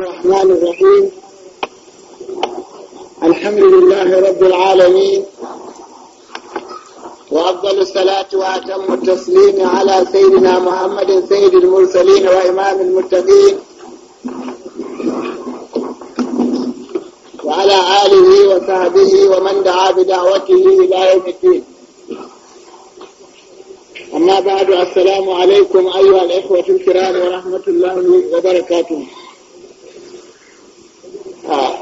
الرحمن الرحيم الحمد لله رب العالمين وأفضل الصلاة وأتم التسليم على سيدنا محمد سيد المرسلين وإمام المتقين وعلى آله وصحبه ومن دعا بدعوته إلى يوم الدين أما بعد السلام عليكم أيها الإخوة الكرام ورحمة الله وبركاته a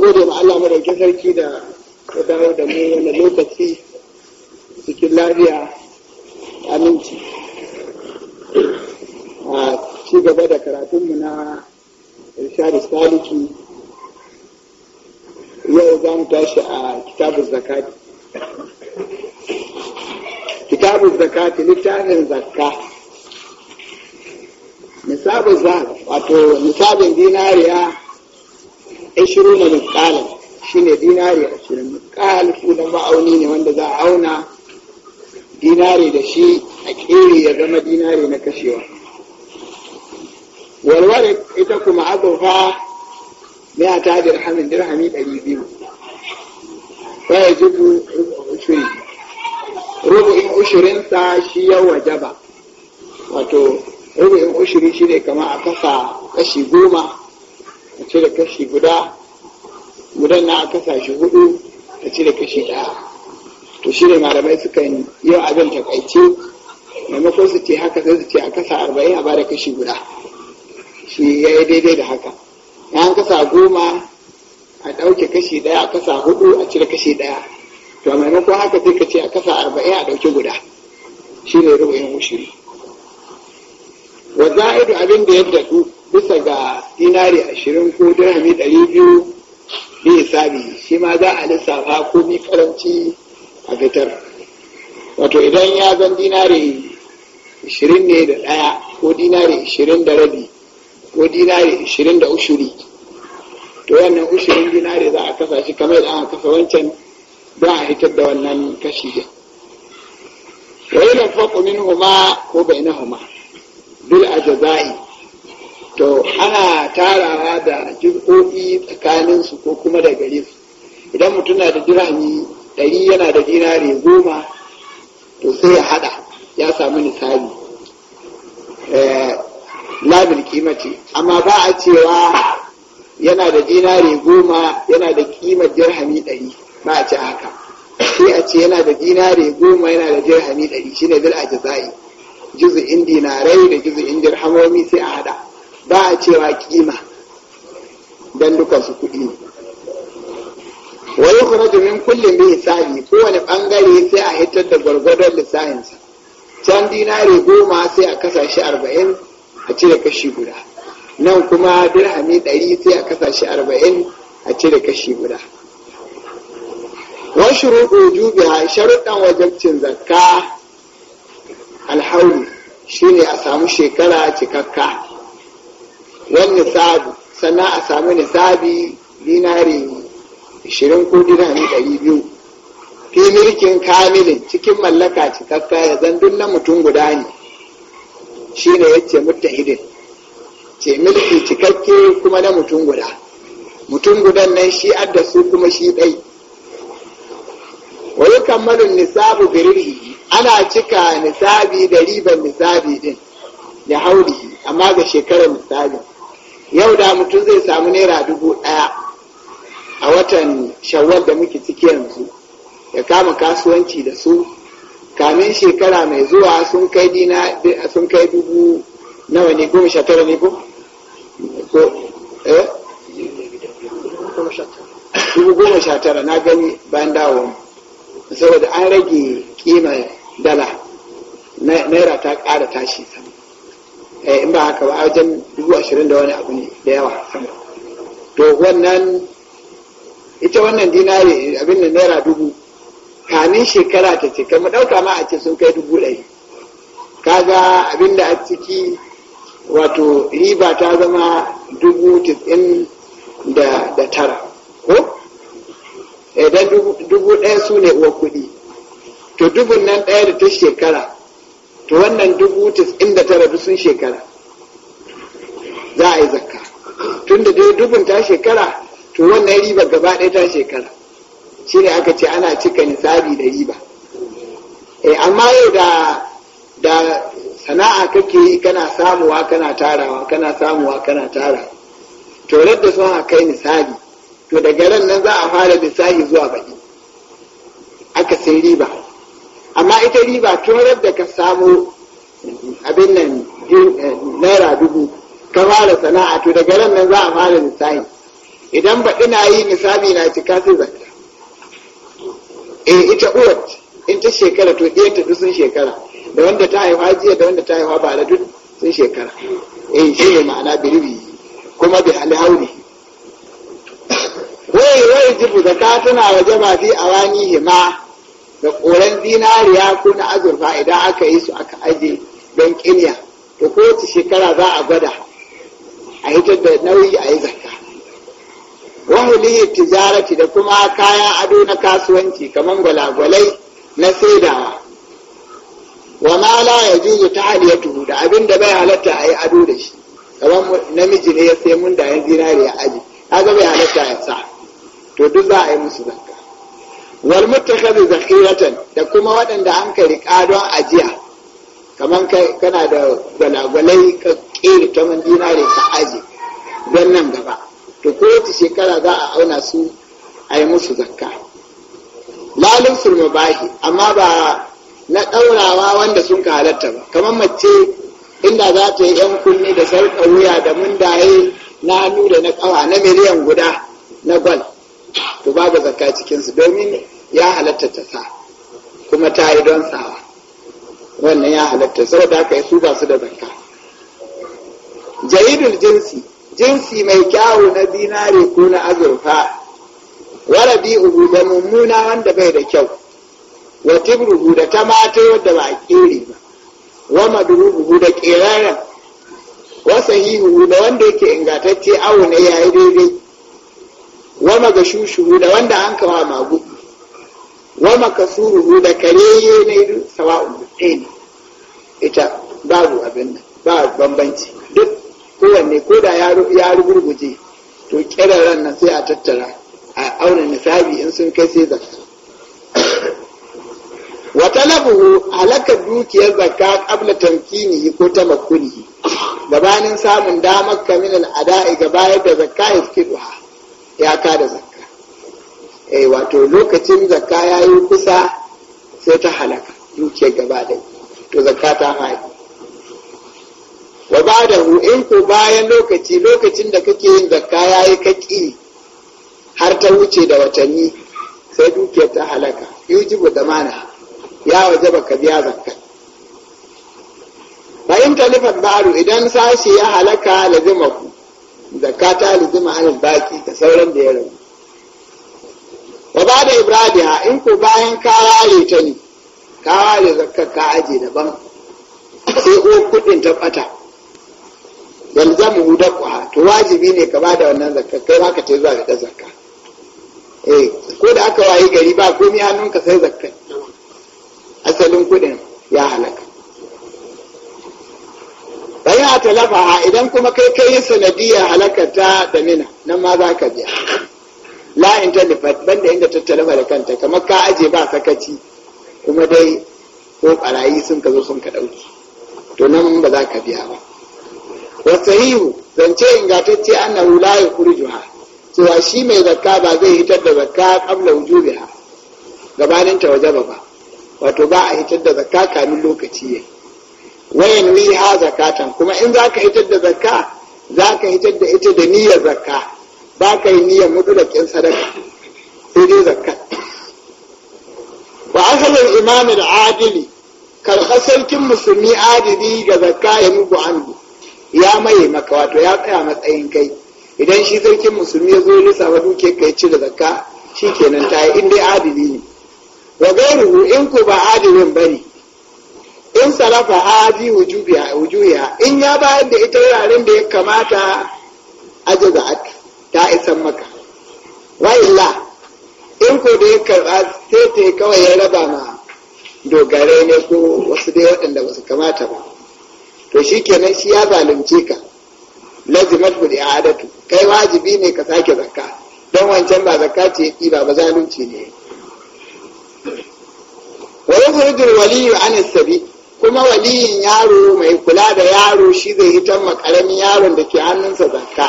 gode ma Allah madaukin sarki da ya dawo da mu wannan lokaci cikin lafiya aminci a ci gaba da karatunmu na irshadu saliki yau za mu tashi a kitabun zakati kitabun zakati littafin zakka misabin zakka wato misabin dinariya ashirin na mikalin shi dinari ashirin mikal sunan ma'auni ne wanda za a auna dinari da shi a ƙeri ya zama dinari na kashewa walwale ita kuma azurfa mai ta dirhamin dirhami ɗari biyu sai jibu ushiri rubu'in sa shi ya wajaba wato rubu'in ushiri shi ne kama a kasa kashi goma cire kashi guda gudan na a kasashe hudu a cire kashi daya to shi ne malamai suka yi yau abin takaice maimakon su ce haka sai su ce a kasa arba'in a bada kashi guda shi ya yi daidai da haka na an kasa goma a ɗauke kashi ɗaya a kasa hudu a cire kashi ɗaya to maimakon haka sai ka ce a kasa arba'in a ɗauke guda shi ne rubu'in ushiri wa za'idu abin da yadda su bisa ga dinari ashirin ko dirhami ɗari biyu bi hisabi shi ma za a lissafa ko mi karanci a fitar wato idan ya zan dinari ashirin ne da ɗaya ko dinari ashirin da rabi ko dinari ashirin da ushuri to wannan ushirin dinari za a kasa shi kamar da aka kasa wancan za a hitar da wannan kashi ya wa yi faƙo min huma ko bai na huma bil ajaza'i to ana tarawa da jir'o'i tsakanin su ko kuma da gare su idan mutum na da dirhami ɗari yana da dinari goma to sai ya hada ya samu nisabi eh, labil kimace amma ba a cewa yana da dinari goma yana da kimar dirhami ɗari ba a ce haka sai a ce yana da dinari goma yana da dirhami ɗari shine bil ajaza'i juzu'in dinarai da juz'in dirhamomi sai a hada ba a cewa kima don su kuɗi ne wa yukhraju min kullin bi sami kowane bangare sai a hitar da gwargwadon lissahinsa can dinari goma sai a kasashe arba'in a cire kashi guda nan kuma dirhami ɗari sai a kasashe arba'in a cire kashi guda wa shuruɗu jubiha sharuɗan wajabcin zakka shi shine a samu shekara cikakka wani sabu sannan a samu nisabi dinari 20 ko dinari 200 fi milkin kamilin cikin mallaka cikakka ya zandun na mutum guda ne shine ne ya ce milki cikakke kuma na mutum guda mutum gudan nan shi adda su kuma shi ɗai wa yukammalu nisabu birri ana cika nisabi da riban nisabi din ya hauri amma ga shekarar misali. yau da mutum zai samu naira dubu ɗaya a watan shawwal da muke ciki yanzu ya kama kasuwanci da su kamin shekara mai zuwa sun kai dina sun kai dubu nawa ne goma sha tara ne ko eh dubu goma sha tara na gani bayan dawo saboda an rage kima dala naira ta ƙara tashi sama eh, in ba haka ba a wajen dubu ashirin da wani abu ne da yawa sama to wannan ita wannan dinari abin da naira dubu kanin shekara ta ce kama ɗauka ma a ce sun kai dubu ɗari kaga abin da a ciki wato riba ta zama dubu tis'in da tara ko idan eh, dubu ɗaya su ne uwa kuɗi to dubun nan ɗaya da ta shekara to wannan dubu tis'in da tara sun shekara za a yi zakka tun da dai dubun ta shekara to wannan riba gaba ɗaya ta shekara shi ne aka ce ana cika nisabi da riba e, amma yau da da sana'a kake yi kana samuwa kana tarawa kana samuwa kana tara to da sun haka kai nisabi to daga ran nan za a fara lissafi zuwa baki aka sai riba amma ita riba tun da ka samu abin nan eh, naira dubu ka fara sana'a to daga ran nan za a fara lissafi idan ba ina yi misali na cika sai zakka eh ita uwar in ta shekara to ɗaya ta sun shekara da wanda ta haifa jiya da wanda ta haifa bara duk sun shekara eh shi ne ma'ana biribi kuma bi alhauri wai wai jibu ka tana waje ba fi awani hima da koren dinariya ko na azurfa idan aka yi su aka aje don kiniya to kowace shekara za a gwada a hitar da nauyi a yi zakka wahuli tijarati da kuma kayan ado na kasuwanci kamar gwalagwalai na saidawa wa ma la yajuzu tahliyatuhu da abin da bai halatta a yi ado da shi kamar namiji ne ya sai mun da yan zinariya aji kaga bai halatta ya sa to duk za a yi musu zakka wal mutakhadhi zakhiratan da kuma waɗanda an ka riƙa don ajiya kaman kai kana da galagalai ka ƙere ta man dinare ka aje don nan gaba to ko wata shekara za a auna su a yi musu zakka lalin bahi amma ba na ɗaurawa wanda sun ka halatta ba kamar mace inda za ta yi yan kunni da sarƙa wuya da mundaye na hannu da na ƙawa na miliyan guda na gwal to babu zakka cikinsu domin ya halatta ta sa kuma ta yi don sawa wannan ya halatta saboda aka yi su ba su da zakka jaridul jinsi jinsi mai kyawu na dinare ko na azurfa bi ubu da mummuna wanda bai da kyau wa tibruhu da tamato da ba a kere ba wa madruhu da keraren wa sahihu da wanda yake ingantacce awu ne yayi daidai ga magashushuhu da wanda an kawa magu wa makasuruhu da kare ne sawa'un ɗaya ita babu abin nan ba bambanci duk kowanne ko da ya rubuje to kiraren nan sai a tattara a auna nisabi in sun kai sai zakka wa labuhu, halakar dukiyar zakka kabla tamkini ko ta tamakkunihi gabanin samun damar kamilal ada'i ga bayar da zakka duha ya kada zakka eh wato lokacin zakka ya yi kusa sai ta halaka dukiyar gaba ɗaya to zakka ta haɗi wa ba da in ko bayan lokaci lokacin da kake yin zakka ya yi kaki har ta wuce da watanni sai dukiyar ta halaka yujibu da mana ya waje ka biya zakka bayan talifan ba'aru idan sashi ya halaka lazimaku zakka ta lizima ma'anin baki da sauran da ya rabu wa ba da ibradiha in ko bayan ka ware ta ne ka ware ka aje daban sai ko kudin ta bata yalzamu daqwa to wajibi ne ka bada wannan zakka kai ma ka ce zuwa ga zakka eh ko da aka wayi gari ba komai hannunka sai zakka asalin kudin ya halaka a talafa idan kuma kai kai yi sanadiyar halakata da mina nan ma za ka biya la in ban banda inda ta talafa da kanta kamar ka aje ba sakaci kuma dai ko barayi sun ka zo sun ka ɗauki to nan ba za ka biya ba wasahihu zance ingantacce ya kuri juha cewa shi mai zakka ba zai hitar da zakka qabla wujubiha gabanin ta waje ba wato ba a hitar da zakka kamin lokaci yayi wayan ni ha zakatan kuma in za ka hitar da zakka za ka hitar da ita da niyyar zakka ba ka yi niyyar mutulakin sadaka sai dai zakka wa asalin imami da adili sarkin musulmi adili ga zakka ya mugu anhu ya maye maka wato ya tsaya matsayin kai idan shi sarkin musulmi ya zo ya wa duke kai ci da zakka shi kenan ta yi in dai adili ne wa gairu in ko ba adilin bane in sarafa a bi wujuya in ya bayar da ita wuraren da ya kamata a jaza'at ta isan maka wa'illa in ko da ya karba sai ta kawai ya raba ma dogare ne ko wasu dai waɗanda ba su kamata ba to shi kenan shi ya zalunce ka lazimat bu a adatu kai wajibi ne ka sake zakka don wancan ba zakka ce ɗiba ba zalunci ne Wani yukhrijul Waliyu an sabi kuma waliyin yaro mai kula da yaro shi zai hitar makaramin yaron da ke hannunsa zakka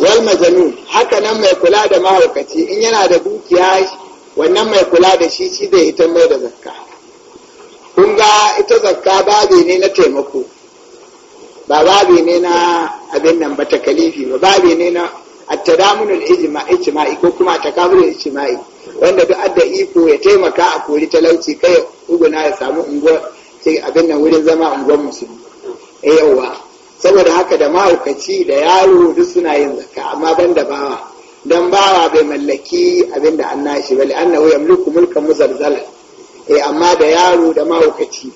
wal majanu haka nan mai kula da mahaukaci in yana da dukiya wannan mai kula da shi shi zai hitar mai da zakka kun ga ita zakka babi ne na taimako ba babi ne na abin nan ba takalifi ba babi ne na at-tadamunul ko kuma takabulul ijma'i wanda duk adda iko ya taimaka a kori talauci kai uguna ya samu unguwa abin nan wurin zama unguwar musulmi eh, yawa saboda haka da mahaukaci da yaro duk suna yin zakka amma ban da bawa dan bawa bai mallaki abin da an nashi bali annahu yamliku mulkan muzalzala eh amma da yaro da mahaukaci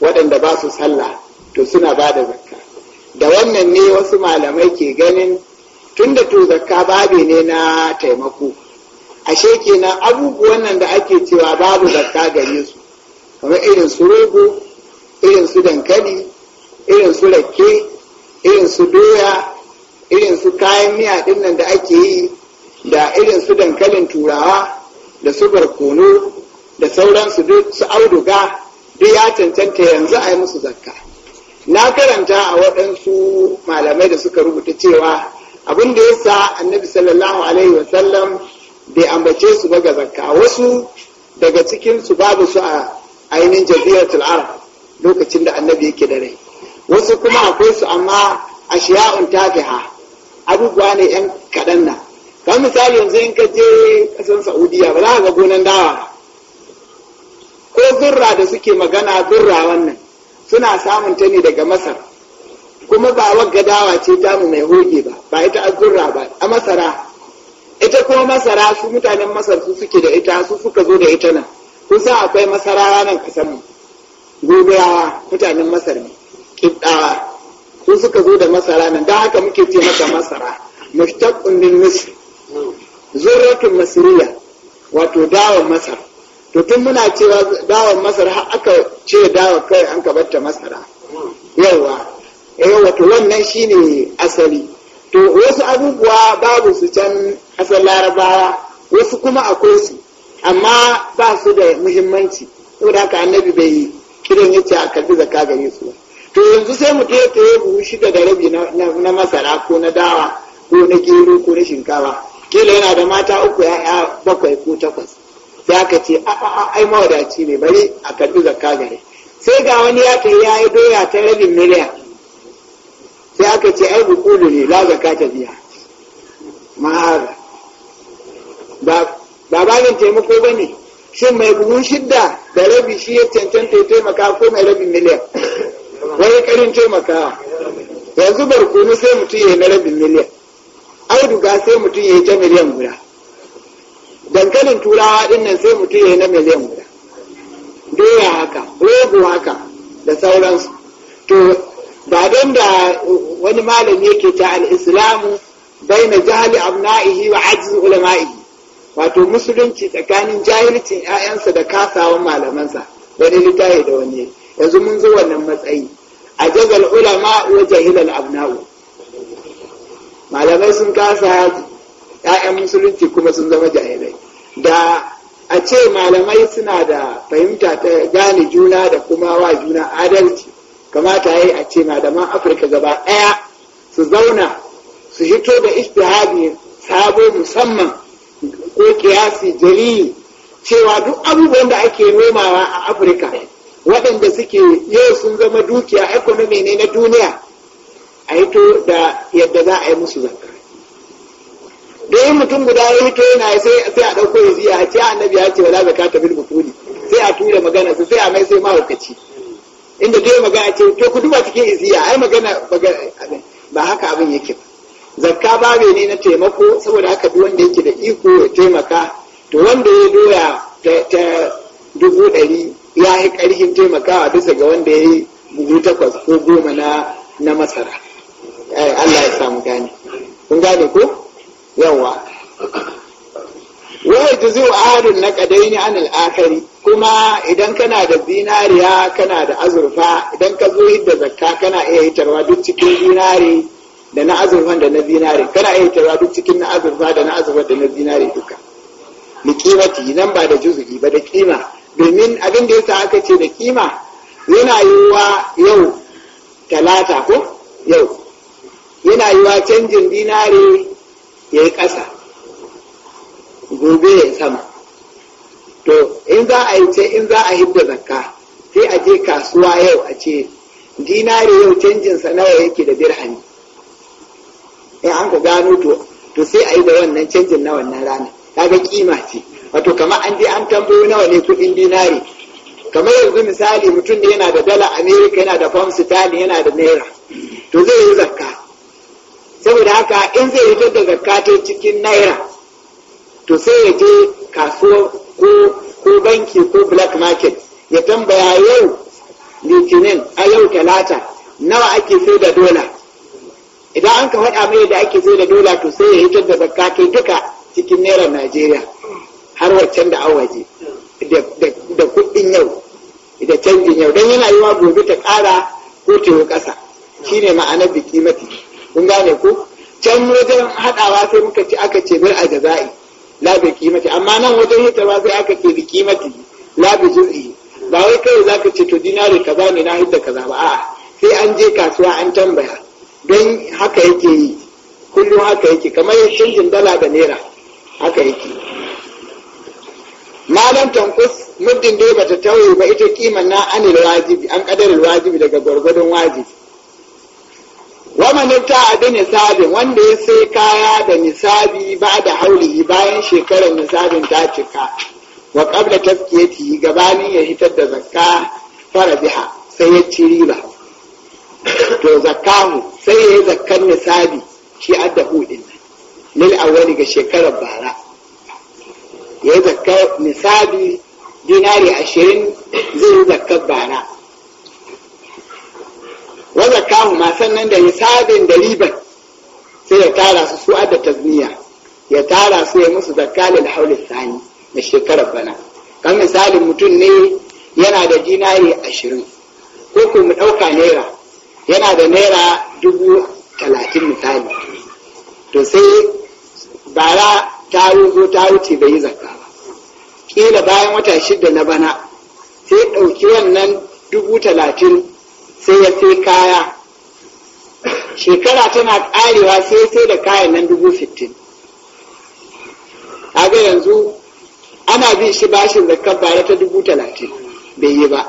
waɗanda ba su sallah to suna ba da zakka da wannan ne wasu malamai ke ganin tunda to zakka babe ne na taimako ashe kenan abubuwan nan da ake cewa babu zakka gare su kamar irin su rogo irin su dankali irin su rake irin su doya irin su kayan miya din nan da ake yi da irin su dankalin turawa da su barkono da sauran su su auduga duk ya cancanta yanzu a yi musu zakka na karanta a waɗansu malamai da suka rubuta cewa abin da yasa annabi sallallahu alaihi wasallam bai ambace su ba ga zakka wasu daga cikin su babu su a ainihin jaziratul arab lokacin da annabi yake da rai wasu kuma akwai su amma a ashiya'un tafiha abubuwa ne yan kaɗan nan misali yanzu in ka je ƙasar saudiya ba za ka ga gonan dawa ko zurra da suke magana zurra wannan suna samun ta ne daga masar kuma ba wagga dawa ce tamu mai hoge ba ba ita azurra ba a masara ita kuma masara su mutanen masar su suke da ita su suka zo da ita nan kun sa akwai masarawa nan kasan gobiyawa mutanen masar ne kiddawa su suka zo da masara nan don haka muke ce mata masara mushtaqun min misr zurratun masriya wato dawon masar to tun muna cewa dawon masar har aka ce dawon kai an ka batta masara yawa eh wato wannan shine asali to wasu abubuwa babu su can asal larabawa wasu kuma akwai su amma ba su da muhimmanci saboda haka annabi bai kiran yace a karbi zakka gare su to yanzu sai mu ta yi buhu shida da rabi na masara ko na dawa ko na gero ko na shinkafa kila yana da mata uku ya bakwai ko takwas sai ka ce a ai mawadaci ne bari a karbi zakka gare sai ga wani ya kai ya yi doya ta rabin miliyan sai aka ce ai bukulu ne la ta biya ma'ara ba babanin taimako ba ne shin mai buhu shidda da rabi shi ya cancanta ya taimaka ko mai rabin miliyan wani karin taimakawa yanzu barkonu sai mutum ya yi na rabin miliyan auduga sai mutum ya yi ta miliyan guda dankalin turawa din nan sai mutum ya yi na miliyan guda doya haka rogo haka da sauransu to ba don da wani malami yake ta al na baina jahali abna'ihi wa ajiz ulama'ihi wato musulunci tsakanin jahilcin 'ya'yansa da kasawan malamansa wani littafi da wani yanzu mun zo wannan matsayi a jagal ulama wa jahilal abna'u malamai sun kasa 'ya'yan musulunci kuma sun zama jahilai da a ce malamai suna da fahimta ta gane juna da kuma wa juna adalci kamata ya yi a ce malaman afirka gaba ɗaya su zauna su hito da istihadi sabo musamman ko kiyasi jali cewa duk abubuwan da ake nomawa a afirka waɗanda suke yau sun zama dukiya ekonomi ne na duniya a hito da yadda za a yi musu zakka don mutum guda ya hito yana sai a ɗauko ya ziya a annabi ya ce wala ta bil butuli sai a tura magana sai a mai sai mahaukaci inda ta yi magana ce to ku duba cikin iziya ai magana ba haka abin yake ba zakka ba ne na taimako saboda haka duk wanda yake da iko ya taimaka to wanda ya doya ta dubu ɗari ya yi ƙarfin taimakawa bisa ga wanda ya yi buhu takwas ko goma na na masara eh, Allah ya samu gane kun gane ko yawa ta zai ahadun na kadaini an al'akari kuma idan kana da zinariya kana da azurfa idan ka zo yadda zakka kana iya hitarwa duk cikin zinari da na azurfan da na zinari kana iya hitarwa duk cikin na azurfa da na azurfa da na zinari duka likimati nan ba da juzu'i ba da kima domin abin da yasa aka ce da kima yana yiwuwa yau talata ko yau yana yiwuwa canjin dinari ya yi ƙasa gobe ya sama to in za a yi ce in za a hidda zakka sai a je kasuwa yau a ce dinari yau canjinsa nawa yake da birhani in an ku gano to to sai a yi da wannan canjin na wannan rana kaga kima ce wato kamar an je an tambayo nawa ne kuɗin dinari kamar yanzu misali mutum da yana da dala america yana da pound sterling yana da naira to zai yi zakka saboda haka in zai yi da zakka ta cikin naira to sai ya je kasuwa ko ko banki ko black market ya tambaya yau litinin a yau talata nawa ake sai da dola idan an ka faɗa mai da ake sai da dola to sai ya hitar da zakka duka cikin naira najeriya har waccan da awaje da kuɗin yau da canjin yau don yana yi yiwa gobe ta ƙara ko ta ƙasa shine ma'anar biki mafi kun gane ko can wajen haɗawa sai muka ci aka ce bir a jaza'i la bi kimati amma nan wajen ba sai aka ke bi kimati la bi juz'i ba wai kai zaka ce to dinari kaza ne na hidda kaza ba a'a sai an je kasuwa an tambaya don haka yake yi kullum haka yake kamar shingin dala da naira haka yake malam tankus muddin dai bata tauye ba ita kiman na anil wajibi an kadar wajibi daga gwargwadon wajibi wamanin ta da nisabin wanda ya sai kaya da nisabi ba da haulihi bayan shekarar nisabin ta cika wa kabla tafkiyati gabanin ya hitar da zakka fara biha sai ya ci riba to mu sai ya yi zakkan nisabi shi adda hudin lil awwali ga shekarar bara ya yi zakka nisabi dinari ashirin zai yi zakkar bara wanda kawo masan nan da hisabin da riban sai ya tara su su adda tazmiya ya tara su ya musu zakalin haulin sani na shekarar bana kan misalin mutum ne yana da dinari ashirin ko ko mu ɗauka naira yana da naira dubu talatin misali to sai bara ta rugo ta wuce bai yi zakka ba kila bayan wata shida na bana sai ɗauki wannan dubu talatin sai ya sai kaya shekara tana karewa sai sai da kayan nan dubu sittin kaga yanzu ana bin shi bashin zakar bara ta dubu talatin bai yi ba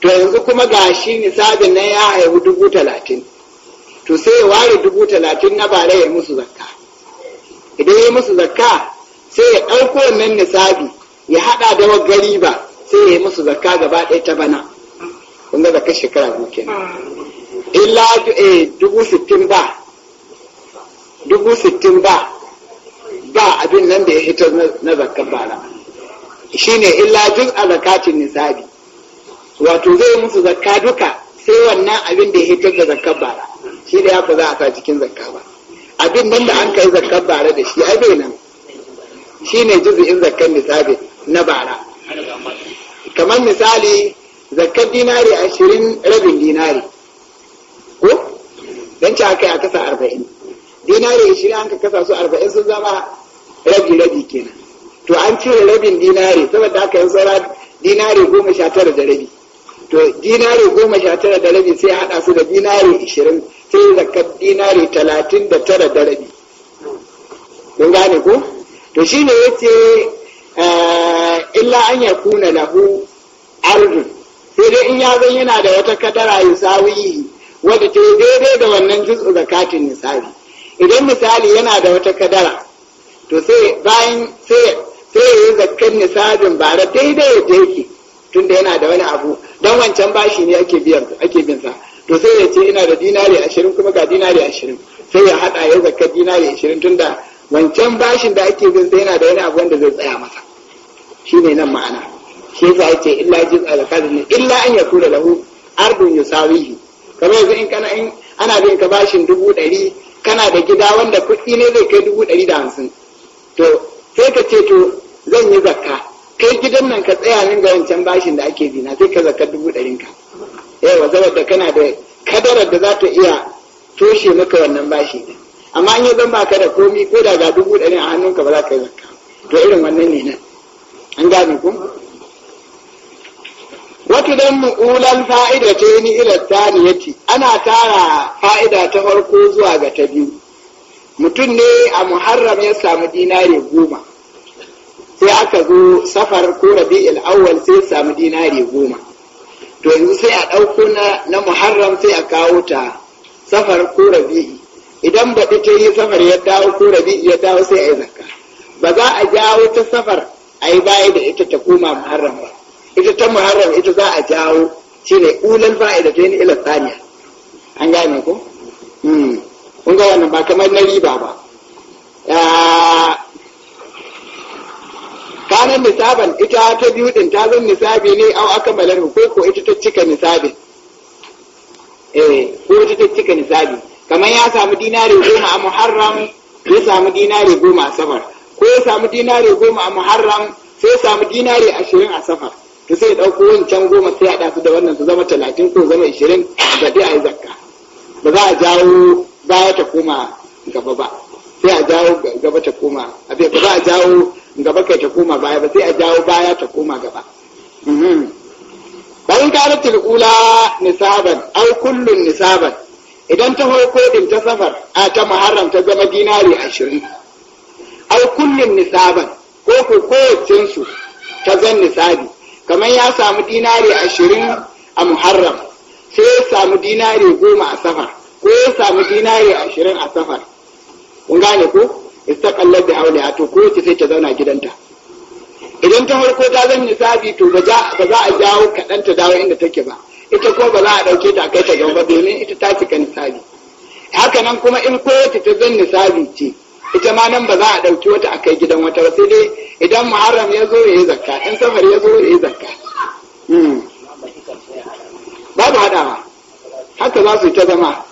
to yanzu kuma ga shi nisabin nan ya haihu dubu talatin to sai ya ware dubu talatin na bara ya musu zakka idan ya musu zakka sai ya ɗauko nan nisabi ya haɗa da gari ba sai ya yi musu zakka gaba ɗaya ta bana kun ga zakar shekara biyu kenan ah. illa a eh, dubu sittin ba dubu sittin ba ba abin nan da ya hitar na zakar bara ne illa juz a zakatin nisabi wato zai musu zakka duka sai wannan abin da ya hitar da zakar bara shi da ya fi za a sa cikin zakka ba abin nan da an kai zakar bara da shi abin nan shi ne juzu'in zakar nisabi na bara kamar misali zakkar dinari ashirin rabin dinari ko don ci aka yi a kasa arba'in dinari ashirin an ka kasa su arba'in sun zama rabi-rabi kenan to an cire rabin dinari saboda aka yi tsara dinari goma sha tara da rabi to dinari goma sha tara da rabi sai haɗa su da dinari ashirin sai zakkar dinari talatin da tara da rabi mun gane ko to shine yace eh, illa an yakuna lahu ardun sai dai in ya zan yana da wata kadara yi wadda ta daidai da wannan jutsu zakatin nisabi idan misali yana da wata kadara to sai bayan sai ya yi zakkan nisabin bara daidai ya tun da yana da wani abu Don wancan bashi ne ake biyan ake bin sa to sai ya ce ina da dinari ashirin kuma ga dinari ashirin sai ya hada ya zakka dinari ashirin tunda wancan bashin da ake bin sa yana da wani abu wanda zai tsaya masa Shi ne nan ma'ana shi yasa yace illa jiz al ne illa an yakuna lahu ardun yusawihi kamar yanzu in kana in ana bin ka bashin dubu ɗari kana da gida wanda kuɗi ne zai kai dubu ɗari da hamsin to sai ka ce to zan yi zakka kai gidan nan ka tsaya min ga wancan bashin da ake zina sai ka zakka dubu ɗarin ka yawa eh, saboda kana da kadarar da za ta iya toshe maka wannan bashi amma an yi zan baka da komi ko da ga dubu ɗari a hannunka ba za ka yi zakka to irin wannan ne nan an gane ku wata dan mu'ular fa'ida ta yi ila tsaniyati ana tara fa'ida ta farko zuwa ga ta biyu mutum ne a muharram ya samu dinari goma sai aka zo safar ko rabi awwal sai samu dinari goma to yanzu sai a ɗauko na, muharram sai a kawo ta safar ko rabi'i idan baɗi ta yi safar ya dawo ko rabi'i ya dawo sai a yi zakka ba za a jawo ta safar a yi baya da ita ta koma muharram ba ita ta muharram ita za a jawo shine ulal fa'ida ta ni ila tsaniya an gane ko hmm. kun ga wannan ba kamar na riba ba kanan nisaban ita ta biyu din ta zan nisabi ne au aka malar ko ko ita ta cika nisabi eh ko ita ta cika nisabi kamar ya samu dinari goma a muharram ya samu dinari goma a safar ko ya samu dinari goma a muharram sai ya samu dinari ashirin a safar ta sai ɗauko wancan goma sai a ɗasu da wannan su zama talatin ko zama ishirin da dai a yi zakka ba za a jawo baya ta koma gaba ba sai a jawo gaba ta koma abin ba za a jawo gaba kai ta koma baya ba sai a jawo baya ta koma gaba mhm. bayan karatul tilkula nisaban au kullun nisaban idan ta farko din ta safar a ta muharram ta zama dinari ashirin au kullun nisaban ko ko su ta zan nisabi kamar ya samu dinari ashirin a muharram sai ya samu dinari goma a safar ko ya samu dinari ashirin a safar kun gane ko kallar da aure to ko ta sai ta zauna gidanta idan ta farko ta zan nisabi to ba za a jawo kaɗan ta dawo inda take ba ita ko ba za a ɗauke ta kai ta gaba domin ita ta cika nisabi haka nan kuma in kowace ta zan nisabi ce ita ma nan ba za a ɗauki wata a kai gidan wata sai dai idan muharram ya zo ya yi zakka in safar ya zo ya yi zakka hmm. babu haɗawa haka za su ta zama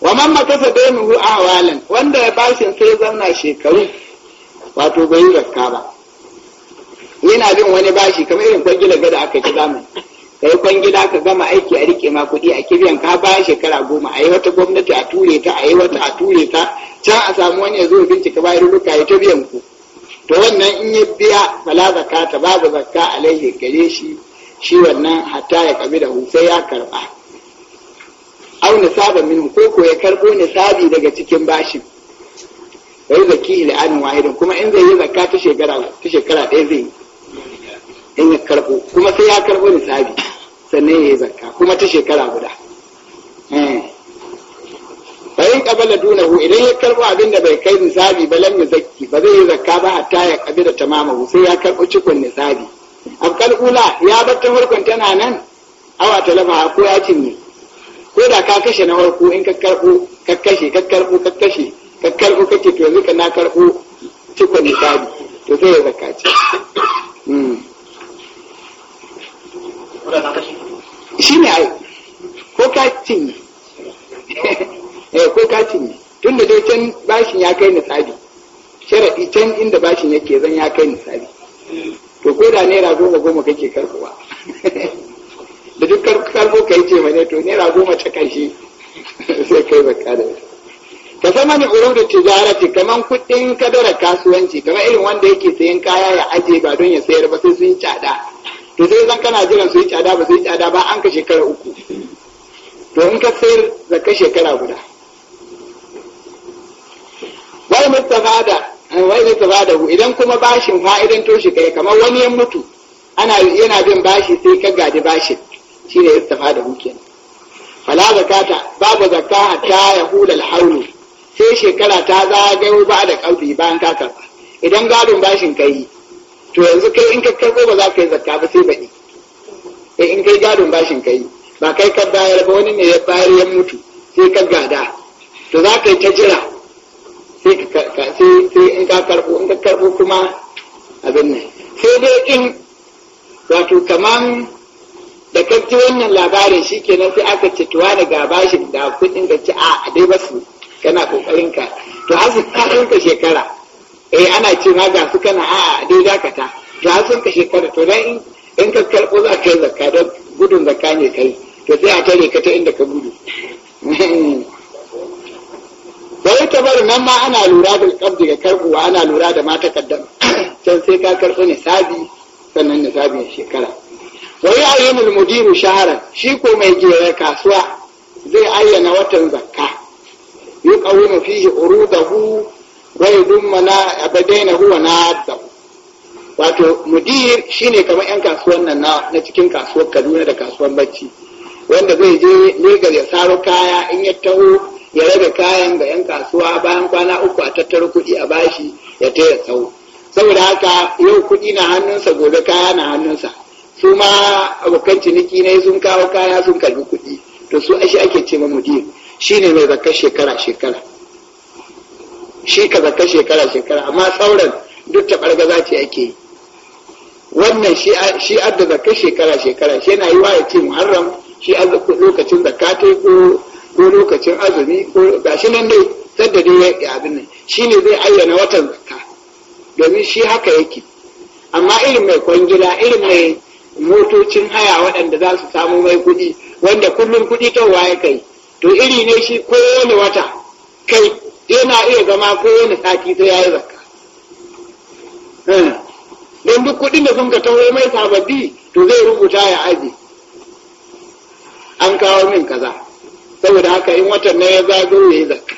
wa man makasa bainuhu ahwalan wanda ya bashin sai zanna shekaru wato bai yi zakka ba yana bin wani bashi kamar irin kwangila gada aka ci zamu kai kwangila ka gama aiki a rike ma kuɗi a kibiyan ka bayan shekara goma a yi wata gwamnati a ture ta a yi wata a ture ta can a samu wani ya zo bincika bayan ruka ya ta biyan ku to wannan in ya biya fala zakata babu zakka alaihi gare shi shi wannan hatta ya kabi da sai ya karba au saba min ko ko ya karbo sabi daga cikin bashin wai zaki ila an wahidin kuma in zai yi zakka ta shekara ta shekara ɗaya zai in ya karbo kuma sai ya karbo sabi, sannan ya yi zakka kuma ta shekara guda eh. bayan kabala dunahu idan ya karbo abinda bai kai nisabi ba lam zakki ba zai yi zakka ba hatta ya kabi da tamama sai ya karbo cikon nisabi abkal ula ya bar ta farkon tana nan awa talaba ko ya cinye ko da ka kashe na farko in ka karbo ka kashe ka karbo ka kashe ka karbo kake to yanzu ka na karbo cikon nisabi to sai ya zakka ce hmm. shi ne ai ko ka cinye eh ko kati ne tun da dai can bashin ya kai nisabi sharaɗi can inda bashin yake zan ya kai nisabi to ko da naira goma goma kake karbuwa da duk karɓo ka yi ce mane to naira goma ta ƙarshe sai kai baka da ka sama ni uru da tijarati kaman kuɗin kadara kasuwanci kamar irin wanda yake sayan kaya ya aje ba don ya sayar ba sai sun yi tsada to sai zan kana jiran su yi tsada ba su yi tsada ba an ka shekara uku to in ka sayar da ka shekara guda wai mustafada wai mustafada idan kuma bashin fa'idan toshi kai kamar wani ya mutu ana yana bin bashi sai ka gadi bashin shine istafada hukin fala zakata babu zakka hatta ya hula alhaulu sai shekara ta zagayo ba da kaufi bayan ka karba idan gadon bashin kai to yanzu kai in ka karbo ba za ka yi zakka ba sai baɗi sai in kai gadon bashin kai ba kai ka bayar ba wani ne ya bayar ya mutu sai ka gada to za ka yi ta jira sai in ka karbo in ka karbo kuma abin nan sai dai in wato kaman da kafti wannan labarin shi kenan sai aka ce tuwa da bashin da kudin da ci a dai basu kana kokarin ka to har su karin ka shekara eh ana ce ma ga su kana a a dai dakata to har sun ka shekara to dan in ka karbo za ka yi zakka don gudun zakka ne kai to sai a tare ka ta inda ka gudu da ya tabar nan ma ana lura da kabdi ga karbuwa ana lura da ma takaddama can sai ka karɓi nisabi sannan nisabin shekara wa ya ayyana mudiru shahara shi ko mai gera kasuwa zai ayyana watan zakka hu wai dun mana abadai na na huwa nadahu wato mudir ne kamar yan kasuwan nan na cikin kasuwar Kaduna da kasuwan Bacci wanda zai je Legas ya saro kaya in ya taho ya rage kayan ga 'yan kasuwa bayan kwana uku a tattara kuɗi a bashi ya ta taya tsawo saboda haka yau kuɗi na hannunsa gobe kaya na hannunsa su ma abokan ciniki ne sun kawo kaya sun karbi kuɗi to su ashe ake ce ma mudir shi ne mai zakar shekara shekara shi ka zakar shekara shekara amma sauran duk ta ɓargaza ce ake yi wannan shi adda zakar shekara shekara shi yana yi wa ya ce muharram shi an lokacin yi ko ko lokacin azumi ko gashi nan dai sadda dai ya abin nan ne zai ayyana watan zakka domin shi haka yake amma irin mai kwangila irin mai motocin haya waɗanda za su samu mai kuɗi wanda kullum kuɗi tawa ya kai to iri ne shi kowane wata kai yana iya zama kowane sati sai ya yi zakka eh. don duk kuɗin da sun ka tawo mai sababbi to zai rubuta ya aji an kawo min kaza saboda haka in watan na ya zagayo ya zaka.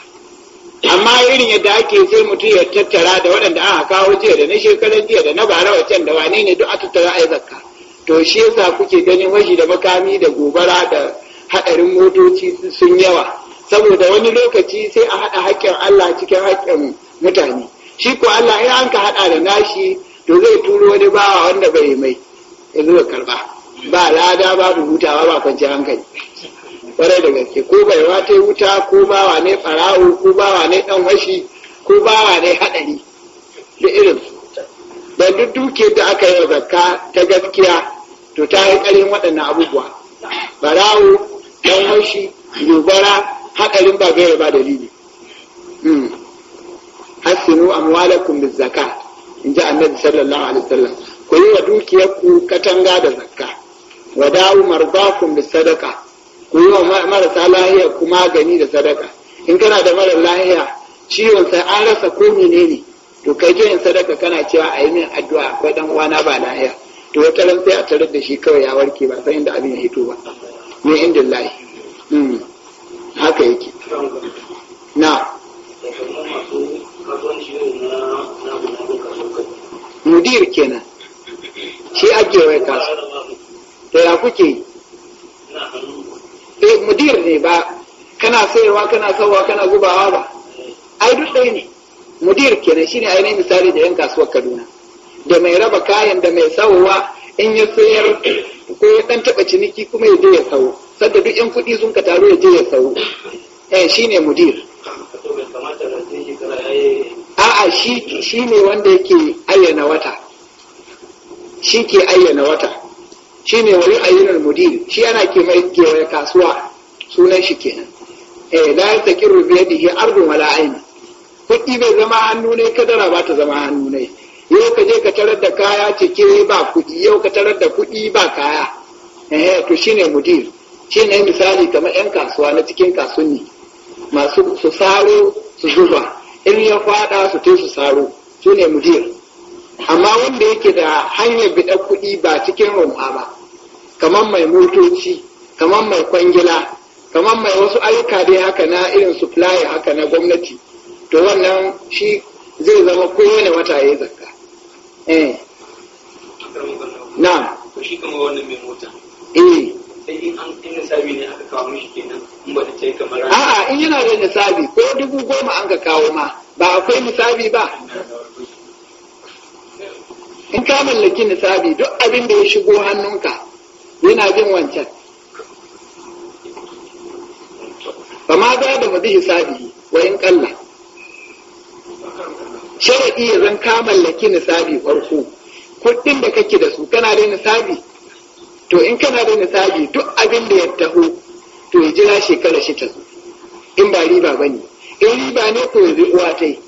amma irin yadda ake sai mutum ya tattara da waɗanda aka kawo jiya da na shekaran jiya da na bara wacan da wane ne duk a tattara a yi zakka to shi yasa kuke ganin washi da makami da gobara da haɗarin motoci sun yawa saboda wani lokaci sai a haɗa haƙƙin Allah cikin haƙƙin mutane shi ko Allah ya an ka haɗa da nashi to zai turo wani bawa wanda bai mai ya zo karɓa ba lada babu hutawa ba kwanciyar hankali kwarai da gaske ko bai wata wuta ko bawa ne farawo ko bawa ne dan washi ko bawa ne hadari da irin da duk duke da aka yi zakka ta gaskiya to ta yi karin waɗannan abubuwa farawo dan washi gobara hadarin ba gaira ba dalili hmm. hasinu amwalakum zakka in ji annabi sallallahu alaihi wasallam ku yi wa dukiyarku katanga da zakka wa dawo marzakum bis sadaka ku yi wa marasa lahiya kuma gani da sadaka in kana da marar lahiya ciwon sai an rasa ko ne, to kai yin sadaka kana cewa a yi min addu'a akwai dan ba lahiya to wata ran sai a tarar da shi kawai ya warke ba sai inda abin ya hito ba ne inda lahi hmm. haka yake na mudir kenan shi ake wai kasu to ya kuke yi mudir ne ba kana sayarwa kana sauwa kana zubawa ba ai duk ɗaya ne mudir kenan shine ainihin misali da yan kasuwar kaduna da mai raba kayan da mai sauwa in ya sayar ko ya dan taba ciniki kuma ya je ya sau sadda duk yan kuɗi sun ka taro ya je ya sau eh shine mudir a'a shi shine wanda yake ayyana wata shi ke ayyana wata shi ne wani ayyunar mudin shi yana ke mai kewaye kasuwa sunan shi kenan eh la yastakiru bi yadihi ardun wala ayn kuɗi bai zama hannu ne kadara ba ta zama hannu ne yau ka je ka tarar da kaya cike ba kuɗi yau ka tarar da kuɗi ba kaya eh to shine Shi ne misali kamar yan kasuwa na cikin kasuwanni masu su saro su zuba in ya fada su to su saro ne mudir amma wanda yake da hanyar biɗa kuɗi ba cikin rumfa ba kamar mai motoci kamar mai kwangila kamar mai wasu ayyuka dai haka na irin supply haka na gwamnati to wannan shi zai zama kowane wata ya zakka eh na shi wannan mai mota eh A'a in yana da nisabi ko dubu goma an ka kawo ma ba akwai nisabi ba in ka mallaki nisabi duk abin da ya shigo hannunka yana jin wancan ba ma za da mazi hisabi wa in kalla sharaɗi ya zan ka mallaki nisabi farko kuɗin da kake da su kana da nisabi to in kana da nisabi duk abin da ya taho to ya jira shekara shi ta in ba riba ba ne in riba ne ko ya zai uwa ta yi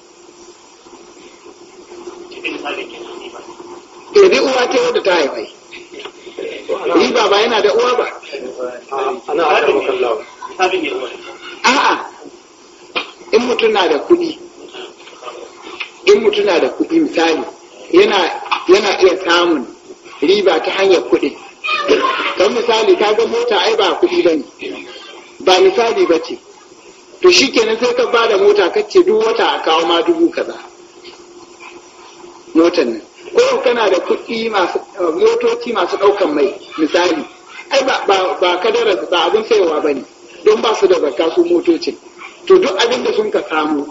ɗebi uwa ce wadda ta haifai riba ba yana da uwa ba a'a in mutum na da kuɗi in mutum na da kuɗi misali yana iya samun riba ta hanyar kuɗi don misali ka ga mota ai ba kuɗi ba ne ba misali ba ce to shi kenan sai ka bada mota kacce duk wata a kawo ma dubu kaza motan nan ko kana da kuɗi masu motoci masu ɗaukan mai misali ai ba kadara ba abin sayowa ba don ba su da zakka su motocin to duk abin da sun ka samu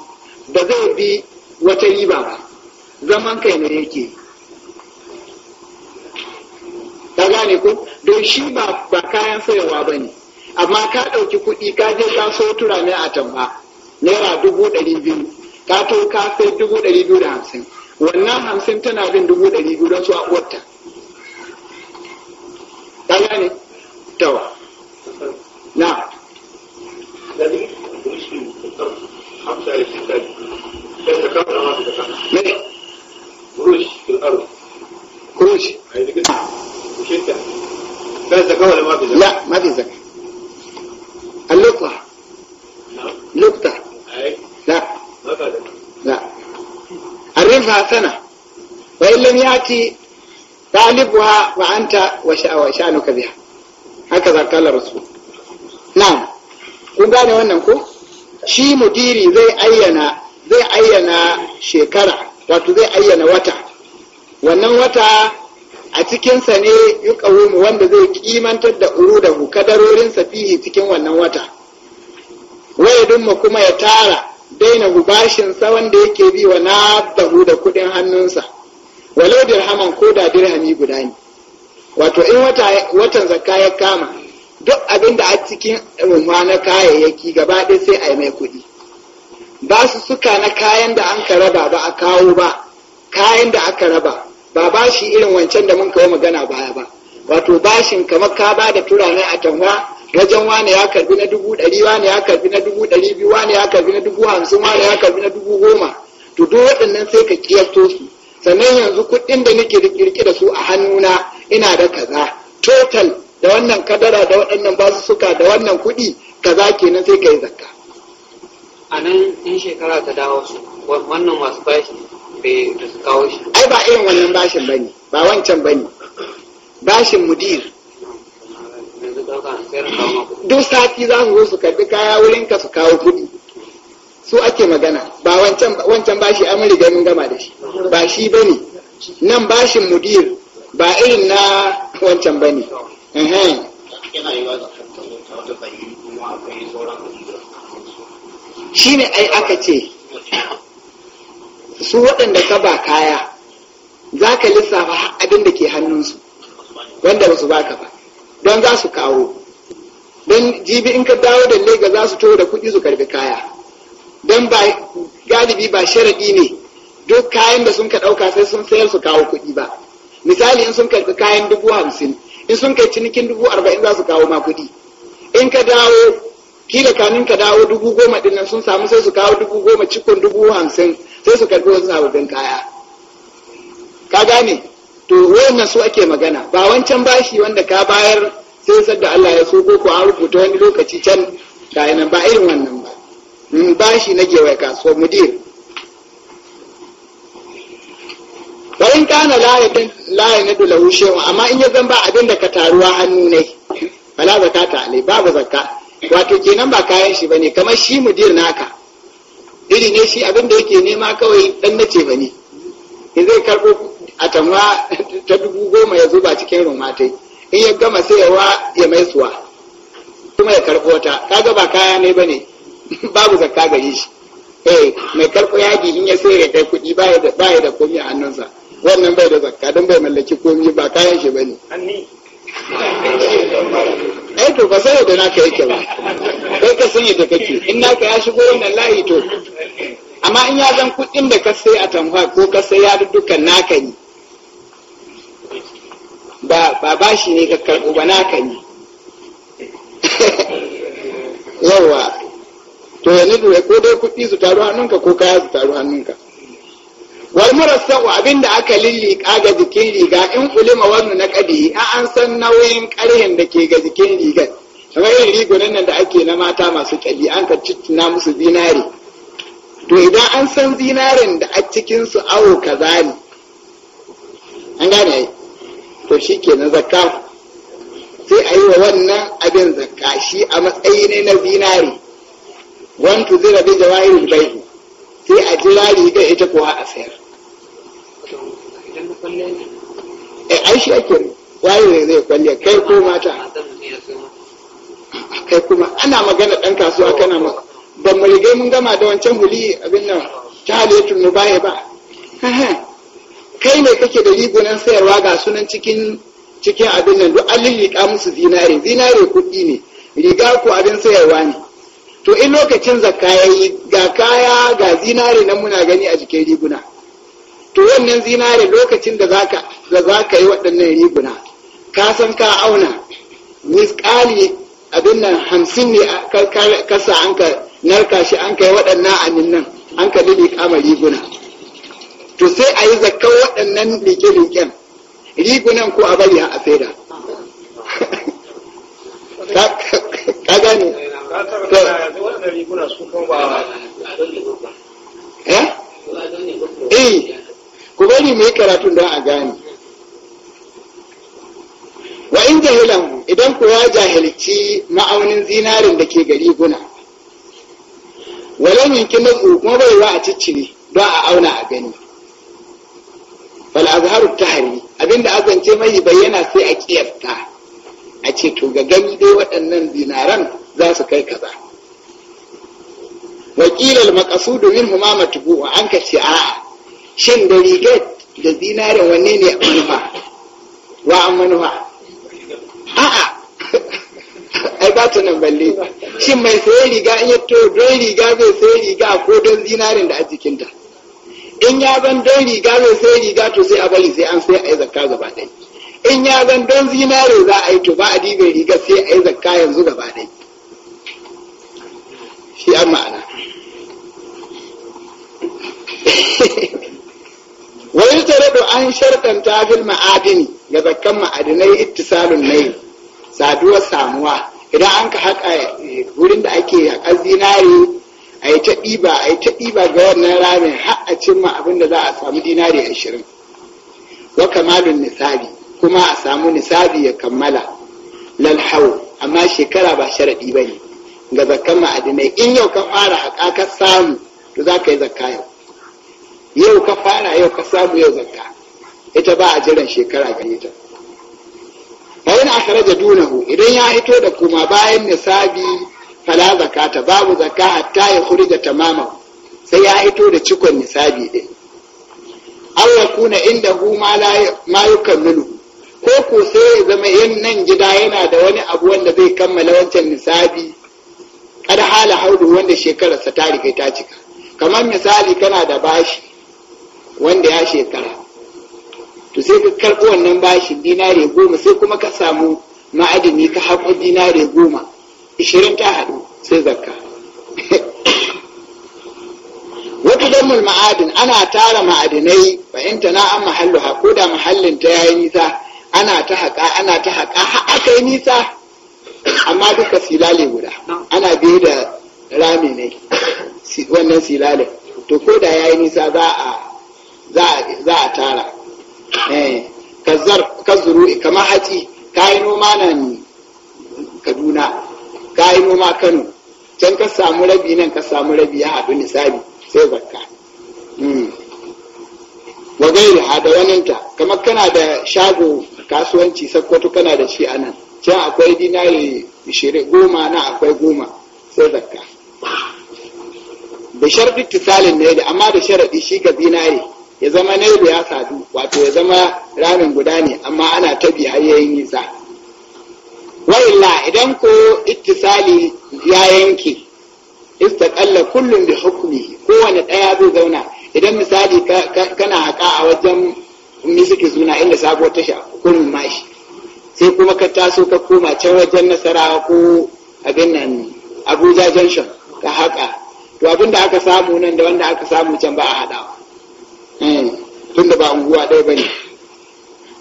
ba zai bi wata riba ba zaman kai ne yake ka gane ko don shi ba kayan sayowa ba amma ka ɗauki kuɗi ka je ka so tura ne a tamba naira dubu ɗari biyu ka to ka sai dubu ɗari biyu da hamsin wannan hamsin tana bin dubu ɗari biyu don su a uwarta ta gane tawa na كروش لا ما في زكاة hasana wa illam yati talibuha wa anta wa sha'anuka biha haka rasul na'am kun gane wannan ko shi mudiri zai ayyana zai ayyana shekara wato zai ayyana wata wannan wata a cikinsa ne yi wanda zai kimantar da uru da kadarorinsa fihi cikin wannan wata wayadunmu kuma ya tara daina gubashinsa wanda yake bi wa nabdahu da kudin hannunsa walau dirhaman ko da dirhami guda ne wato in watan zakka ya kama duk abin da a cikin rumfa na kayayyaki gaba ɗaya sai a yi mai kuɗi ba su suka na kayan da an ka raba ba a kawo ba kayan da aka raba ba bashi irin wancan da mun kawo magana baya ba wato bashin kamar ka ba da turane a tanwa wajen wane ya karbi na dubu ɗari wane ya karbi na dubu ɗari biyu wane ya karbi na dubu hamsin wane ya karbi na dubu goma to duk waɗannan sai ka kiyasto su sannan yanzu kuɗin da nake rikirki da su a hannuna ina da kaza total da wannan kadara da waɗannan basu suka da wannan kuɗi kaza kenan sai ka yi zakka a nan in shekara ta dawo su wannan masu bashi bai da su kawo shi ai ba irin wannan bashin bane ba wancan bane bashin mudir duk sati za su zo su karbi kaya wurin ka su kawo kuɗi su ake magana ba wancan wancan bashi amuri riga mun gama da shi ba shi bane nan bashin mudir ba irin na wancan bane Shi shine ai aka ce su waɗanda ka ba kaya za ka lissafa abin da ke hannunsu wanda ba su ba ka ba don za su kawo don jibi in ka dawo da lega za su taho da kuɗi su karbi kaya don ba galibi ba sharaɗi ne duk kayan da sun ka ɗauka sai sun sayar su kawo kuɗi ba misali in sun karbi kayan dubu hamsin in sun kai cinikin dubu arba'in za su kawo ma kuɗi in ka dawo kila kanin ka dawo dubu goma ɗin nan sun samu sai su kawo dubu goma cikon dubu hamsin sai su karbi wasu sababbin kaya ka gane to wannan su ake magana ba wancan bashi wanda ka bayar sai sadda Allah ya so ko ku an rubuta wani lokaci can da yana ba irin wannan ba in bashi nake wai kasuwa mudir bayan kana laye na dula wushewa amma in ya zan ba abin da ka taruwa hannu ne bala zakata alai babu zakka wato kenan ba kayan shi bane kamar shi mudir naka iri ne shi abin da yake nema kawai dan nace bane zai karbo a tamwa ta dubu goma ya ba cikin rumatai in ya gama sai ya mai suwa kuma ya karɓo ta kaga ba kaya ne bane babu zakka gare shi eh mai karɓo yaji in ya sayar ya kai kuɗi ya da ya da komai a hannunsa wannan bai da zakka don bai mallaki komai ba kayan shi bane eh to ba sai da naka yake ba kai ka sanya da kake in naka ya shigo wannan layi to amma in ya zan kuɗin da ka sai a tamfa ko ka sai ya dukkan naka ne ba ba bashi ne ka karɓo ba naka ne Yauwa, to yanzu dole ko dai kuɗi su taru hannunka ko kaya su taru hannunka wal abin abinda aka lillika ga jikin riga in ulima wannan na kadi a an san nauyin ƙarhin da ke ga jikin rigar kamar yin rigunan nan da ake na mata masu ƙyalli an ka na musu zinare to idan an san zinarin da a cikinsu awo ka ne an gane to shi ke na zakka sai a yi wa wannan abin zakka shi a matsayi ne na zinari wantu zira bi jawahirin baihu sai a ji rari riga ita kuwa a sayar e ai shi ake waye ne zai kwalle kai ko mata kai kuma ana magana ɗan kasuwa kana ma ba mu rigai mun gama da wancan huli abin nan ta halittun nubaye ba kai ne kake da rigunan sayarwa ga sunan cikin cikin abin nan duk an riƙa musu zinare zinare kuɗi ne riga ko abin sayarwa ne to in lokacin zakka yayi ga kaya ga zinare nan muna gani a jikin riguna to wannan zinare lokacin da zaka da zaka yi waɗannan riguna ka san ka auna misqali abin nan hamsin ne kasa anka narka shi an yi waɗannan anin nan an ka lillika riguna to sai a yi zakka waɗannan leke leken rigunan ko a bari a saida ka ta eh? eh ku bari mu yi karatu don a gane wa in jahilan idan ku ya jahilci ma'aunin zinarin da ke gari guna wala yankin nasu kuma bai wa a ciccire don a auna a gani wal azharu tahri abinda azance mai bayyana sai a kiyasta a ce to ga gani dai waɗannan dinaran za su kai kaza wakilal maqasudu minhu ma matbu an ka ce a'a shin da rigar da zinarin wanne ne a manufa wa an manufa a'a ai ba ta nan balle shin mai saye riga in ya to don riga zai saye riga ko don zinarin da a jikinta in ya zan don riga mai sai riga to sai a bari sai an sai a yi zakka gaba ɗaya in ya zan don zinare za a yi to ba a dibe riga sai a yi zakka yanzu gaba ɗaya shi an ma'ana wani tare da an sharɗanta fil ma'adini ga zakkan ma'adinai ittisalun nayi saduwar samuwa idan an ka haƙa eh, wurin da ake haƙar zinare a yi ta ɗiba a ta ɗiba ga wannan ramin har a cimma abin da za a samu dinari ashirin wa kamalun nisabi kuma a samu nisabi ya kammala lalhau amma shekara ba sharaɗi ba ne ga zakkan ma'adinai in yau ka fara haƙa ka samu to za ka yi zakka yau yau ka fara yau ka samu yau zakka ita ba a jiran shekara gare ta bayan a dunahu idan ya hito da kuma bayan nisabi fala zakata babu zaka hatta ya kurga tamama sai ya hito da cikon nisabi ɗin. aw yakuna inda hu ma ko ko sai ya zama yan nan gida yana da wani abu wanda zai kammala wancan nisabi kar hala haudu wanda shekararsa ta rike ta cika kamar misali kana da bashi wanda ya shekara to sai ka karɓi wannan bashin dinare goma sai kuma ka samu ma'adini ka hako dinare goma ishirin ta haɗu sai zakka wata dammul ma'adin ana tara ma'adinai fahimta na an mahallu ko da mahallin ta yayi nisa ana ta haƙa ana ta haƙa har aka yi nisa amma duka silale guda ana biye da rami ne wannan silale to ko da yayi nisa za a za a tara eh, kazzar kazzuru kamar hatsi kayi noma na ni kaduna ka yi noma kano can ka samu rabi nan ka samu rabi ya haɗu nisabi sai zakka hmm. wa gairi da waninta kamar kana da shago kasuwanci sakkwato kana da shi a nan can akwai dinari goma na akwai goma sai zakka da sharɗi tisalin ne da amma da sharaɗi shi ga dinari ya zama na ya sadu wato ya zama ramin guda ne amma ana tabi har yayin nisa wa'illa idan ko ittisali ya yanke istaqalla kullum bi hukmi kowane ɗaya zai zauna idan misali kana haƙa a wajen misiki suna inda sabuwar tasha hukumin mashi sai kuma ka taso ka koma can wajen nasarawa ko abin nan abuja junction ka haƙa to abin da aka samu nan da wanda aka samu can ba a haɗawa eh, tun da ba unguwa ɗaya bane ne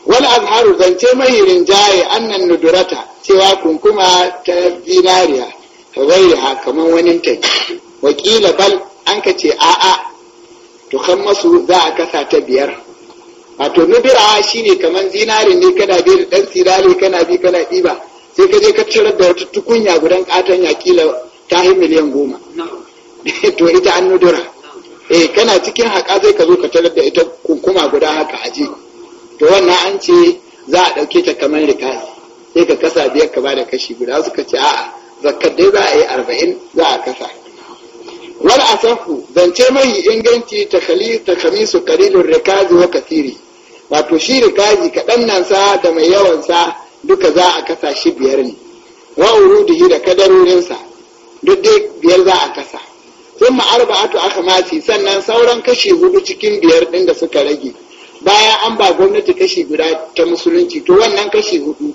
wal azharu zance mai rinjaye annan nudurata cewa kunkuma ta zinariya gairi ha kamar wani ta wakila bal an ka ce a'a to kan masu za a kasa ta biyar wato nudura shine kamar zinari ne kana bi da dan sirari kana bi kana ɗiba sai ka je ka cirar da wata tukunya gudan katon ya kila ta yi miliyan goma to ita an nudura eh kana cikin haka zai ka zo ka tarar da ita kunkuma guda haka aje to wannan an ce za a ɗauke ta kamar rikasi sai ka kasa biyar ka bada kashi guda suka ce a'a zakkar dai za a yi arba'in za a kasa wal asafu zance mai inganci ta khamisu qalilur rikazi wa kasiri wato shi rikazi kaɗan nan sa da mai yawan sa duka za a kasa shi biyar ne wa urudihi da sa duk dai biyar za a kasa sun ma'arba'atu akamati sannan sauran kashi hudu cikin biyar ɗin da suka rage bayan an ba gwamnati kashi guda ta musulunci to wannan kashi hudu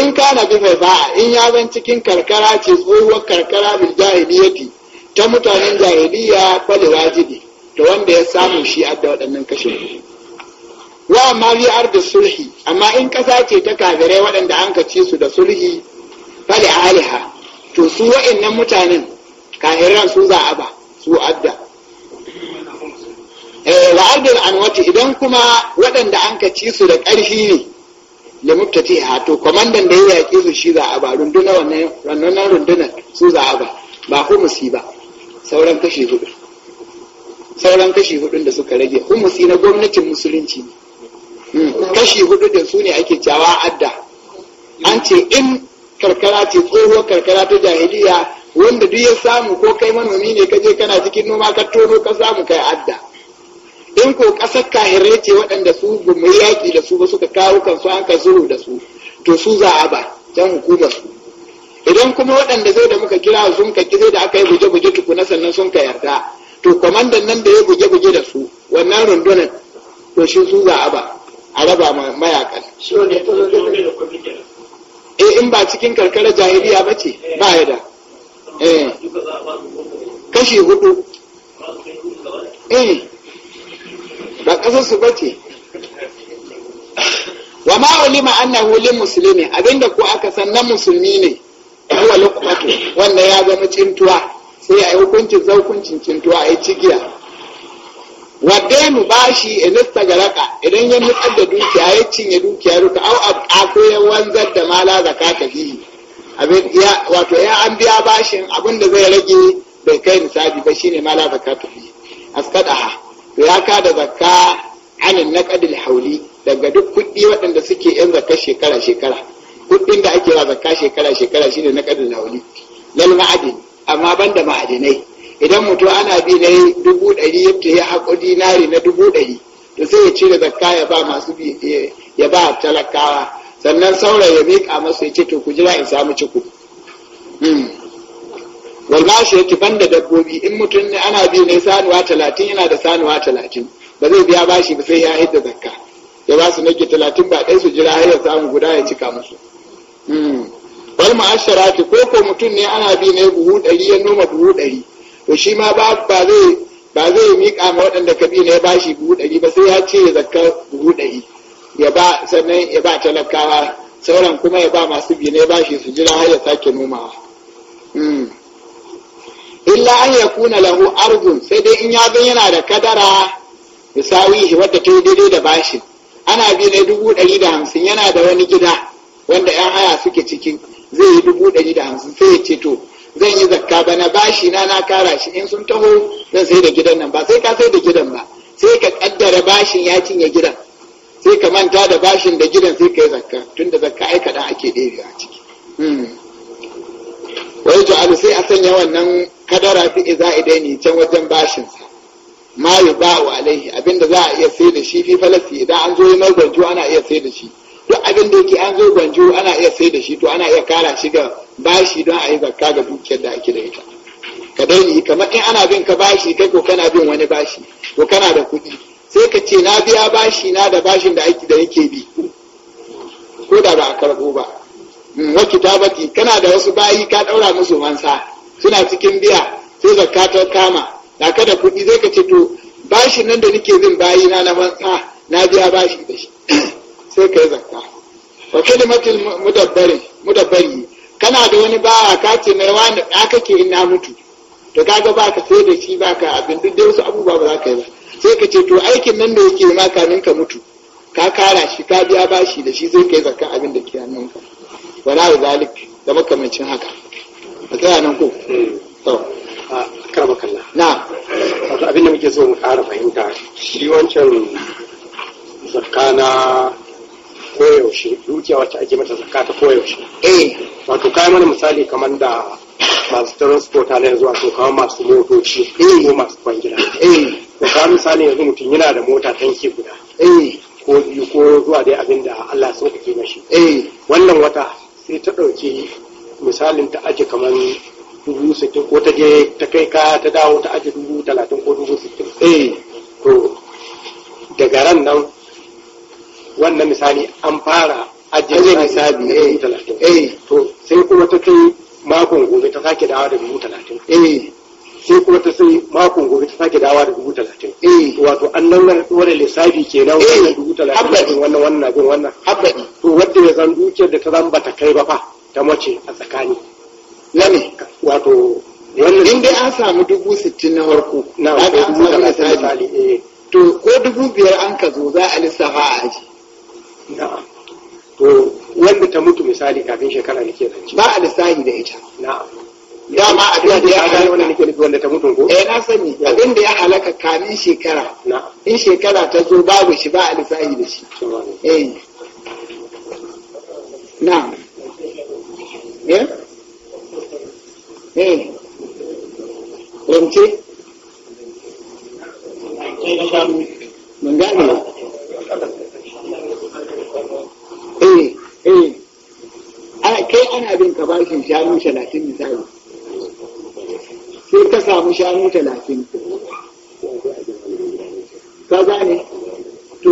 in kana bi mai ba'a in ya zan cikin karkara ce tsohuwar karkara bil jahiliyati ta mutanen jahiliya kwale wajibi to wanda ya samu shi adda waɗannan kashi wa amma bi arda sulhi amma in ƙasa ce ta kafirai waɗanda an kace su da sulhi fali aliha to su wa'annan mutanen kahiran su za a ba su adda Eh, wa an anwati idan kuma waɗanda an ka ci su da ƙarfi ne da muktati hato kwamandan da ya yaƙi su shi za a ba runduna wannan rundunar su za a ba ba humusi ba sauran kashi hudu sauran kashi hudun da suka rage humusi na gwamnatin musulunci ne hmm, kashi hudu da su ne ake cewa adda an ce in karkara ce tsohuwar karkara ta jahiliya wanda duk ya samu ko kai manomi ne ka je kana cikin noma ka tono ka samu kai adda in ko ƙasar kahirai ce waɗanda su gumi yaƙi da su ba suka kawo kansu an ka zuru da su to su za a ba can hukumar su idan kuma waɗanda zai da muka kira sun ka zai da aka yi guje-guje tukuna sannan sun ka yarda to kwamandan nan da ya guje-guje da su wannan rundunar to shi su za a ba a raba mayakan eh in ba cikin karkarar jahiliya ba ce ba ya da eh. kashi hudu eh ba kasarsu ba bace wa ma ulima annahu lil abinda ko aka san na musulmi ne huwa luqmatu wanda ya zama cintuwa sai a yi hukuncin zaukuncin cintuwa a yi cigiya waddainu bashi inista garaka idan ya nutsar da dukiya ya cinye dukiya duka au a wanzar da mala zakata bihi abin ya wato ya an biya bashin abin da zai rage bai kai misali ba shine mala zakata bihi asqadaha ya ka da zakka anin naqadil hauli daga duk kuɗi waɗanda suke yan zakka shekara shekara kuɗin da ake ra zakka shekara shekara shine naqadil hauli lal ma'adin amma banda ma'adinai idan mutum ana bi ne dubu ɗari ya ya haƙo nari na dubu ɗari to sai ya cire zakka ya ba masu bi ya ba talakawa sannan saura ya miƙa masu ya ce to ku jira in samu ciku hmm. wal shi yake banda dabbobi in mutum ne ana bi ne sanuwa talatin yana da sanuwa talatin ba zai biya bashi ba sai ya hidda zakka ya ba su nake talatin ba ɗai su jira har ya samu guda ya cika musu hmm. wal ma'asharati ko ko mutum ne ana bi ne buhu ɗari ya noma buhu ɗari to shi ma ba zai ba zai miƙa ma waɗanda ka bi ne bashi buhu ɗari ba sai ya ce ya zakka buhu ɗari ya ba sannan ya ba talakawa sauran kuma ya ba masu bi ne bashi su jira har ya sake nomawa. Hmm. illa an ya kuna lahu arzun sai dai in ya zan yana da kadara shi wadda ta yi daidai da bashi ana bi ne dubu ɗari da hamsin yana da wani gida wanda yan haya suke ciki zai yi dubu ɗari da hamsin sai ya ce to zan yi zakka bana bashi na na kara shi in sun taho zan sai da gidan nan ba sai ka sai da gidan ba sai ka kaddara bashin ya cinye gidan sai ka manta da bashin da gidan sai ka yi zakka tunda zakka ai kaɗan ake ɗebe a ciki. Hmm. wai ja'alu sai a sanya wannan kadara fi iza idaini can wajen bashin sa ma yuba'u alaihi abinda za a iya sai da shi fi falasi idan an zo mai gwanjo ana iya sai da shi duk abin da yake an zo gwanjo ana iya sai da shi to ana iya kara shi ga bashi don a yi zakka ga dukiyar da ake da ita ka daini kamar in ana bin ka bashi kai ko kana bin wani bashi ko kana da kuɗi sai ka ce na biya bashi na da bashin da ake da yake bi ko da ba a karɓo ba wa kitabati kana da wasu bayi ka daura musu mansa suna cikin biya sai zakka ta kama da ka da kuɗi zai ka ce to bashi nan da nake bin bayi na na mansa na biya bashi da shi sai ka yi zakka wa kalimatul mudabbari mudabbari kana da wani bawa ka ce mai wani da ke ina mutu to kaga baka sai da shi baka abin duk dai wasu abubuwa ba za ka yi ba sai ka ce to aikin nan da yake ma kamin ka mutu ka kara shi ka biya bashi da shi zai kai zakka abin da ke hannunka wana da zalik da makamancin haka a tsaya nan ko hmm. to a karba kalla na wato abinda muke so mu ƙara fahimta shi wancan zakka na koyaushe dukiya wacce ake mata zakka koyaushe eh wato kai mana misali kamar da masu transport na yanzu wato kamar masu motoci eh. ko masu kwangila eh to kamar misali yanzu mutum yana da mota tanki guda eh ko biyu ko zuwa dai abinda Allah ya sauƙaƙe mashi eh wannan wata sai ta ɗauki misalin ta aje kamar dubu sittin ko ta je ta kai kaya ta dawo ta aje dubu talatin ko dubu sittin eh to daga ran nan wannan misali an fara ajiye misali eh. eh to sai kuma ta kai makon gobe ta sake dawo da dubu talatin eh sai kuma ta sai makon gobe ta sake dawa da dubu talatin eh. wato an nan wani lissafi nan eh. wannan dubu talatin wannan wannan gun wannan habbadi to wadda ya zan dukiyar da ta zan bata kai ba fa ta mace a tsakani na ne wato wannan in dai an samu dubu sittin na farko na dubu talatin eh. to ko dubu biyar an ka zo za a lissafa a aji na'am to wanda ta mutu misali kafin shekara da ke zance ba a lissafi da ita na'am dama abin da ya halaka wanda nake nufi wanda ta mutu ko eh na sani abin da ya halaka kamin shekara in shekara ta zo babu shi ba a da shi eh na eh eh rance mun gane eh eh kai ana bin ka bashin shanu 30 misali sai ka samu shanu talatin ka gane to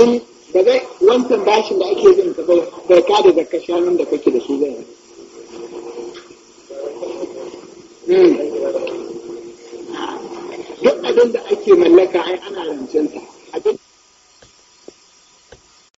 in ba zai wancan bashin da ake zin ka bai ka da zakka shanun da kake da su zai hmm. duk abin da ake mallaka ai ana rancenta. abin